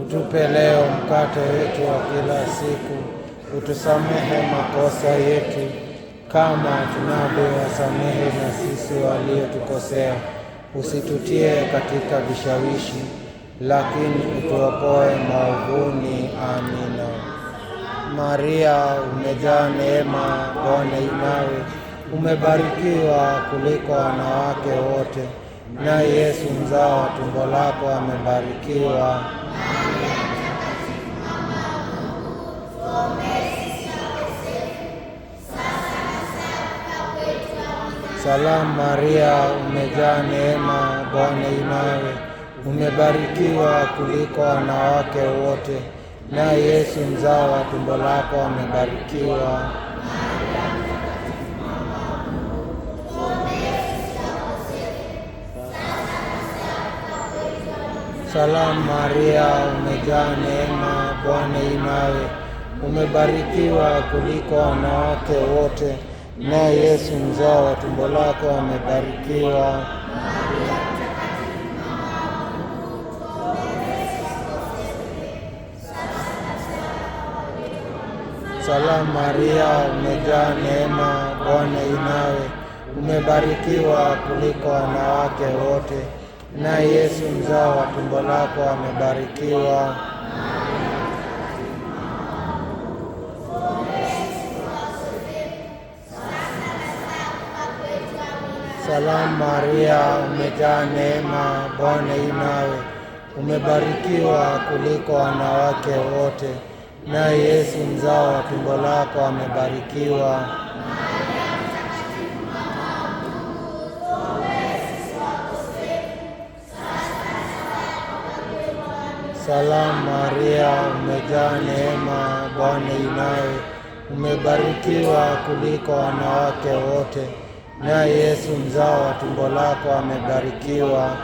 Utupe leo mkate wetu wa kila siku, utusamehe makosa yetu kama tunavyowasamehe na sisi waliotukosea, usitutie katika vishawishi lakini utuokoe maovuni. Amina. Maria, umejaa neema, Bwana inawe umebarikiwa kuliko wanawake wote, naye Yesu mzao wa tumbo lako amebarikiwa. Salamu Maria, umejaa neema, Bwana inawe Umebarikiwa kuliko wanawake wote, na Yesu mzao wa tumbo lako amebarikiwa. Salamu Maria, umejaa neema, Bwana yu nawe, umebarikiwa kuliko wanawake wote, naye Yesu mzao wa tumbo lako amebarikiwa. Salamu Maria, umejaa neema, Bwana inawe, umebarikiwa kuliko wanawake wote, naye Yesu mzao wa tumbo lako amebarikiwa. Salamu Maria, umejaa neema, Bwana inawe, nawe, umebarikiwa kuliko wanawake wote naye Yesu mzao wa tumbo lako amebarikiwa. Salamu Maria, umejaa neema, Bwana inawe, umebarikiwa kuliko wanawake wote, naye Yesu mzao wa tumbo lako amebarikiwa.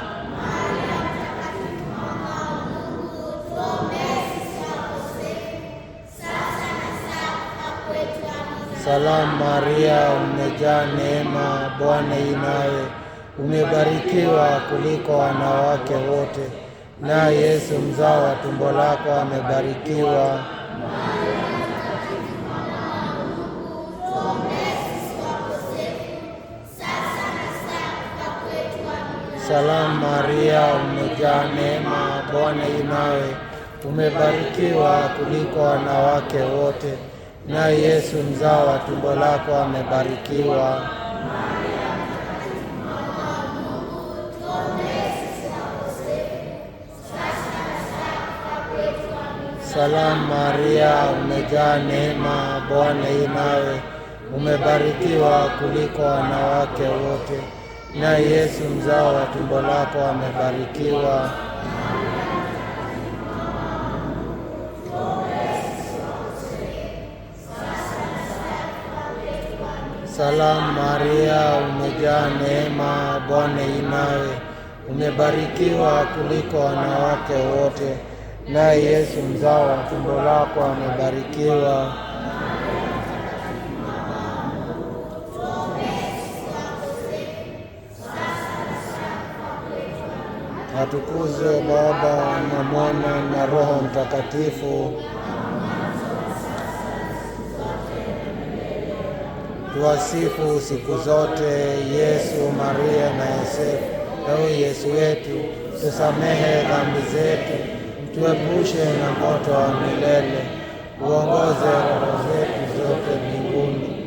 Salamu Maria, umejaa neema, Bwana yu nawe, umebarikiwa kuliko wanawake wote, na Yesu mzao wa tumbo lako amebarikiwa. Salamu Maria, umejaa neema, Bwana yu nawe, umebarikiwa kuliko wanawake wote naye Yesu mzao wa tumbo lako amebarikiwa. Salamu Maria, umejaa neema, Bwana yu nawe, umebarikiwa kuliko wanawake wote, naye Yesu mzao wa tumbo lako amebarikiwa. Salamu Maria, umejaa neema, Bwana inawe, umebarikiwa kuliko wanawake wote, naye Yesu mzao wa tumbo lako amebarikiwa. Atukuzwe Baba na Mwana na Roho Mtakatifu. tuwasifu siku zote Yesu, Maria na Yosefu. Ewe Yesu wetu, tusamehe dhambi zetu, tuepushe na moto wa milele, uongoze roho zetu zote mbinguni,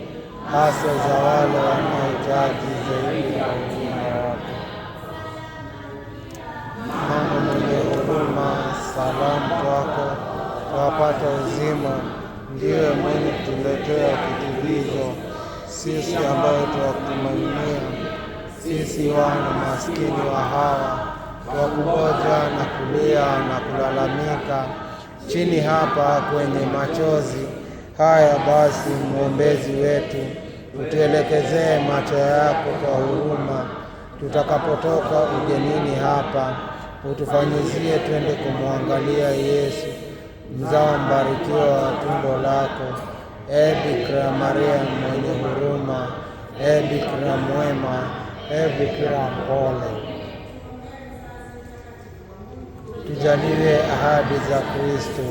hasa za wale wanaohitaji zaidi ya huruma yako. mama mwenye huruma, salamu kwako twapata uzima, ndiwe mwenye kutuletea kitulizo sisi ambayo tuwakutumainia, sisi wana maskini wa hawa, kugoja na kulia na kulalamika chini hapa kwenye machozi haya. Basi mwombezi wetu, utuelekezee macho yako kwa huruma, tutakapotoka ugenini hapa utufanyizie twende kumwangalia Yesu, mzao mbarikiwa wa tumbo lako E Bikira Maria mwenye huruma, e Bikira mwema, e Bikira mpole, tujaliwe ahadi za Kristo.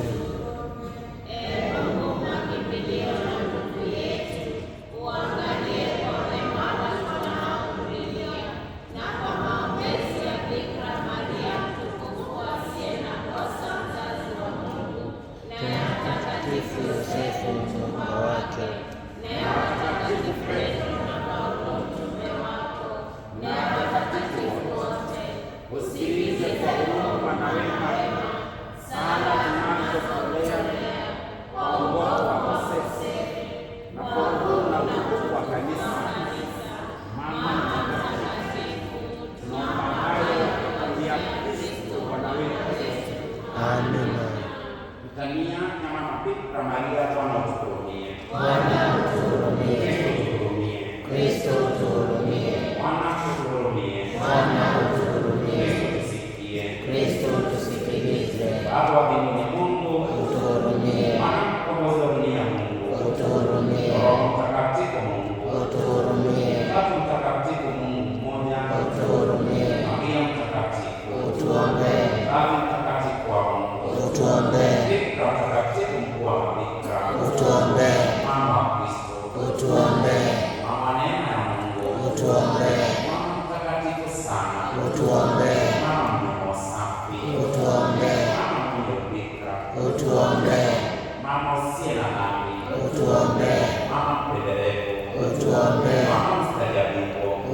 utuombee. Mama usiye na dhambi, utuombee. Mama mpendelevu, utuombee. Mama mstajabu,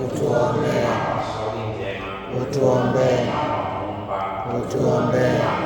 utuombee. Mama wa njema, utuombee. Mama Muumba, utuombee.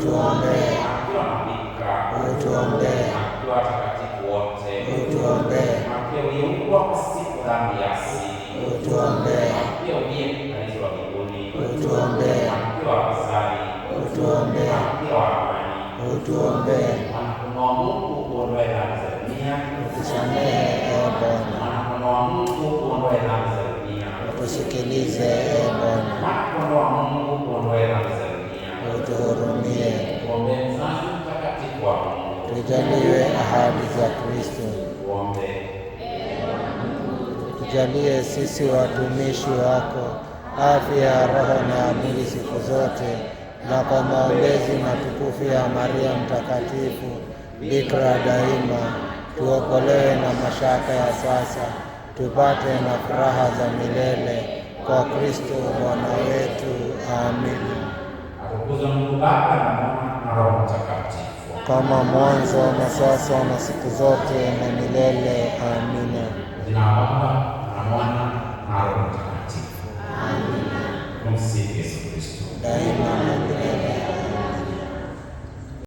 utuombee, akiwa malaika, utuombee, utuombee, utuombee, utuombee, utuombee, utuombee, utusamehe Ee Bwana, utusikilize Ee Bwana utuhurumie. tujaliwe ahadi za Kristo. Tujalie sisi watumishi wako afya ya roho na amili mwili siku zote, na kwa maombezi matukufu ya Maria Mtakatifu, Bikira daima, tuokolewe na mashaka ya sasa, tupate na furaha za milele. Kwa Kristo Bwana wetu. amini mamlaka na Mwana na Roho Mtakatifu, kama mwanzo na sasa na siku zote na milele. Amina. Jina la Baba na Mwana na Roho Mtakatifu. Amina. Tumsifu Yesu Kristo daima na milele.